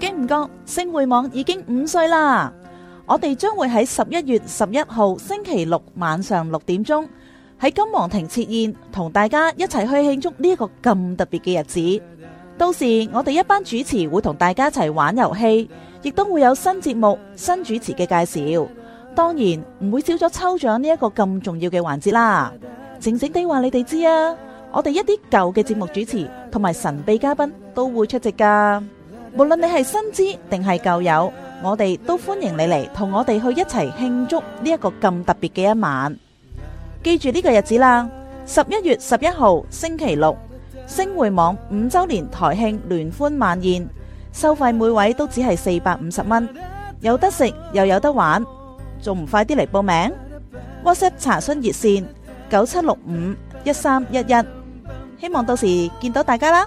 經唔覺，星匯網已經五歲啦！我哋將會喺十一月十一號星期六晚上六點鐘喺金皇庭設宴，同大家一齊去慶祝呢一個咁特別嘅日子。到時我哋一班主持會同大家一齊玩遊戲，亦都會有新節目、新主持嘅介紹。當然唔會少咗抽獎呢一個咁重要嘅環節啦！靜靜地話你哋知啊，我哋一啲舊嘅節目主持同埋神秘嘉賓都會出席噶。無論你係新知定係舊友，我哋都歡迎你嚟同我哋去一齊慶祝呢一個咁特別嘅一晚。記住呢個日子啦，十一月十一號星期六，星匯網五周年台慶聯歡晚宴，收費每位都只係四百五十蚊，有得食又有得玩，仲唔快啲嚟報名？WhatsApp 查詢熱線九七六五一三一一，希望到時見到大家啦。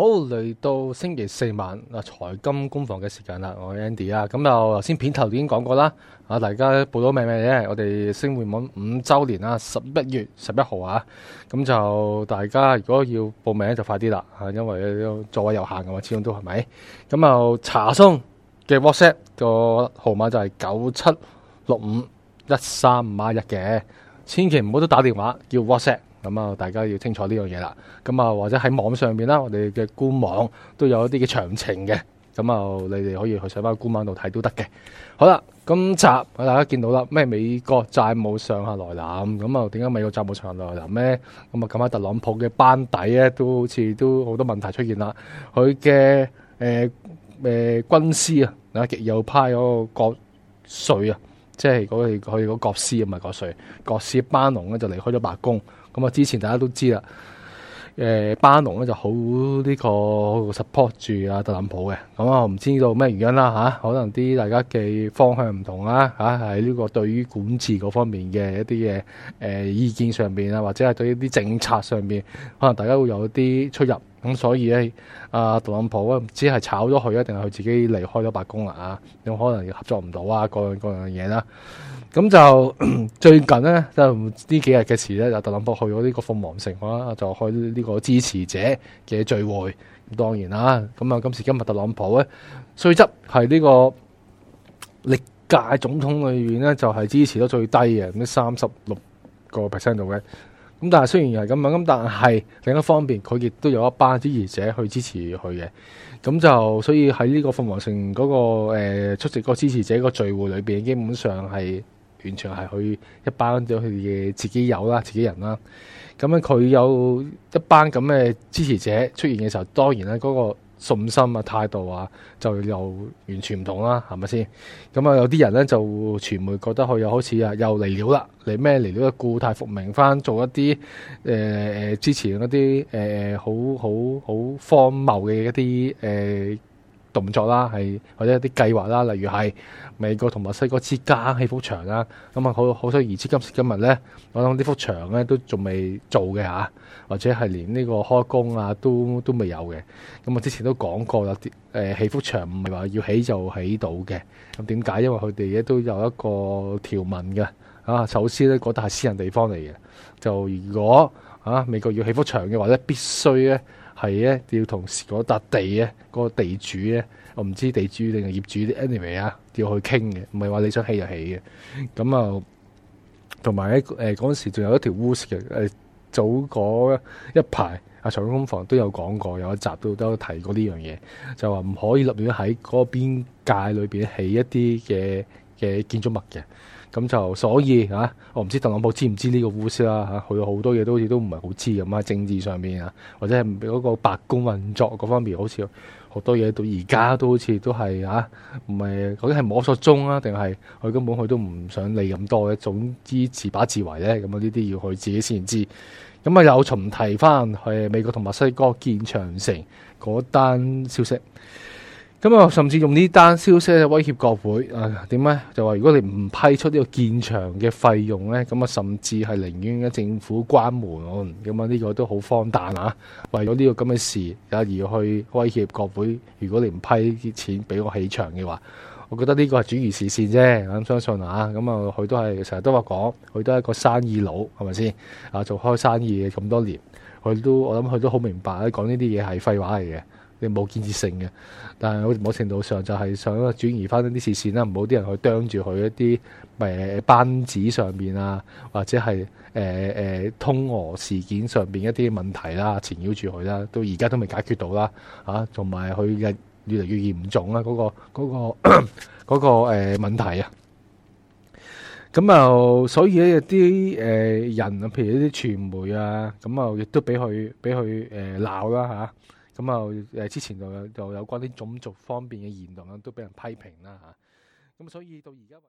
好，嚟到星期四晚啊，財金工房嘅時間啦，我 Andy 啊，咁就頭先片頭已經講過啦，啊大家報到名咩嘢？我哋星匯網五周年啊，十一月十一號啊，咁就大家如果要報名就快啲啦，啊因為座位有限嘅嘛，始終都係咪？咁就查詢嘅 WhatsApp 個號碼就係九七六五一三五孖一嘅，千祈唔好都打電話，叫 WhatsApp。咁啊，大家要清楚呢樣嘢啦。咁啊，或者喺網上邊啦，我哋嘅官網都有一啲嘅詳情嘅。咁啊，你哋可以去上翻官網度睇都得嘅。好啦，今集大家見到啦，咩美國債務上限來臨咁啊，點解美國債務上限來臨呢？咁啊，咁喺特朗普嘅班底咧，都好似都好多問題出現啦。佢嘅誒誒軍師啊，啊極右派嗰個國稅啊，即係嗰個佢嗰個國師啊，唔係國稅國師班農咧，就離開咗白宮。咁啊，之前大家都知啦，誒班農咧就好呢個 support 住啊特朗普嘅。咁啊唔知道咩原因啦，吓，可能啲大家嘅方向唔同啦，吓，喺呢個對於管治嗰方面嘅一啲嘅誒意見上邊啊，或者係對於一啲政策上邊，可能大家會有啲出入。咁所以咧，阿、啊、特朗普啊，唔知係炒咗佢啊，定係佢自己離開咗白宮啦啊，有、啊、可能合作唔到啊，各樣各樣嘢啦、啊。咁就最近呢，就呢幾日嘅時咧，就特朗普去咗呢個鳳凰城啦、啊，就開呢個支持者嘅聚會。當然啦、啊，咁啊今時今日特朗普咧，雖則係呢個歷屆總統裏邊呢，就係、是、支持得最低嘅，咁啲三十六個 percent 度嘅。咁但係雖然係咁樣，咁但係另一方面，佢亦都有一班支持者去支持佢嘅。咁就所以喺呢個鳳凰城嗰個、呃、出席個支持者個聚會裏面，基本上係完全係佢一班咗佢嘅自己友啦、自己人啦。咁樣佢有一班咁嘅支持者出現嘅時候，當然啦嗰、嗰個。信心啊、態度啊，就又完全唔同啦，係咪先？咁啊，有啲人咧就傳媒覺得佢又好似啊，又嚟了啦，嚟咩嚟了？故態復萌返，做一啲誒誒之前嗰啲誒好好好荒謬嘅一啲誒。呃動作啦，係或者一啲計劃啦，例如係美國同墨西哥之間起幅牆啦，咁啊好好想而知今時今日咧，我諗呢幅牆咧都仲未做嘅嚇、啊，或者係連呢個開工啊都都未有嘅。咁啊之前都講過啦，啲誒起幅牆唔係話要起就起到嘅。咁點解？因為佢哋咧都有一個條文嘅啊。首先咧，嗰度係私人地方嚟嘅，就如果啊美國要起幅牆嘅，話呢必須咧。係咧，要同嗰笪地咧，嗰個地主咧，我唔知地主定業主啲 anyway 啊，要去傾嘅，唔係話你想起就起嘅。咁啊，同埋咧，誒嗰陣時仲有一條烏色嘅誒，早嗰一排阿財金工房都有講過，有一集都都提過呢樣嘢，就話唔可以立亂喺嗰個邊界裏邊起一啲嘅嘅建築物嘅。咁就所以啊，我唔知特朗普知唔知呢個烏絲啦嚇，佢、啊、好多嘢都好似都唔係好知咁啊，政治上面，啊，或者係嗰個白宮運作嗰方面好，好似好多嘢到而家都好似都係啊，唔係究竟係摸索中啊，定係佢根本佢都唔想理咁多嘅，總之自把自為咧。咁啊呢啲要佢自己先知。咁啊又重提翻係美國同墨西哥建長城嗰單消息。咁啊，甚至用呢單消息去威脅國會啊？點呢？就話如果你唔批出呢個建場嘅費用呢，咁啊，甚至係寧願政府關門咁啊！呢個都好荒誕啊！為咗呢、這個咁嘅事啊，而去威脅國會，如果你唔批啲錢俾我起場嘅話，我覺得呢個係轉移視線啫。我諗相信啊，咁啊，佢都係成日都話講，佢都係一個生意佬，係咪先啊？做開生意嘅咁多年，佢都我諗佢都好明白，講呢啲嘢係廢話嚟嘅。你冇建設性嘅，但係某程度上就係想轉移翻啲視線啦，唔好啲人去啄住佢一啲誒班子上面啊，或者係誒誒通俄事件上面一啲問題啦，纏繞住佢啦，到而家都未解決到啦，嚇、啊，同埋佢越嚟越嚴重啦嗰個嗰個嗰個問題啊，咁啊，所以咧有啲誒人，譬如一啲傳媒啊，咁啊，亦都俾佢俾佢誒鬧啦嚇。咁啊，誒之前就有有關啲種族方面嘅言論啊，都俾人批評啦吓，咁所以到而家。